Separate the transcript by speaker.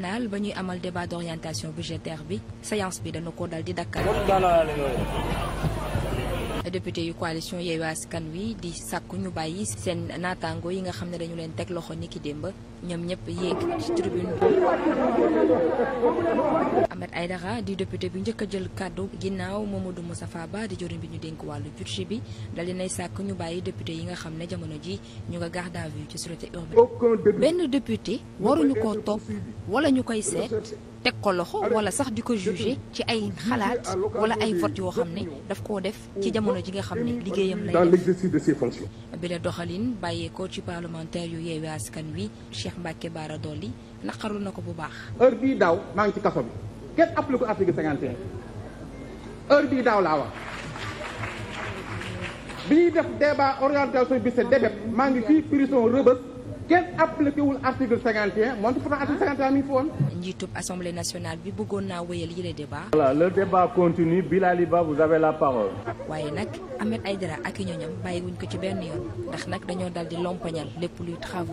Speaker 1: national ba ñuy amal débat d'orientation bi séance bi dana ko dal di dakkal député yu coalition Yewwi Askan Wi di sàkku ñu bàyyi seen naataango yi nga xam ne dañu leen teg loxo niki démb ñoom ñëpp yéeg ci tribune Ahmed Aïdara di député bi njëkk a jël kàddu ginnaaw Mamadou Moustapha Ba di joriñ bi ñu dénk wàllu budget bi dal nay sàkk ñu bàyyi député yi nga xam ne jamono ji ñu nga garde à vue ci sûreté urbaine benn député waruñu ko topp wala ñu koy seet teg ko loxo wala sax di ko jugé ci ay xalaat wala ay vote yoo xam ne daf koo def ci jamono ji nga xam ne liggéeyam lay def dans
Speaker 2: l'exercice de ses fonctions
Speaker 1: bi la doxalin bàyyeekoo ci parlementaire yu yeewee askan wi Cheikh Mbacke Bara Dolly naqarlu na ko bu baax
Speaker 2: maa ngi ci kenn appliqué article 51 heure bii daaw laa wax bi ñuy def bi moom pourtant article 51 mi ngi woon.
Speaker 1: njiitub assemblée nationale bi bëggoon naa wéyal yile débat.
Speaker 2: voilà le débat continue Bilali Ba vous avez la parole.
Speaker 1: waaye nag Ahmed Aïdara ak i ñooñam bàyyiwuñ ko ci benn yoon ndax nag dañoo dal di lompañal lépp luy travaux.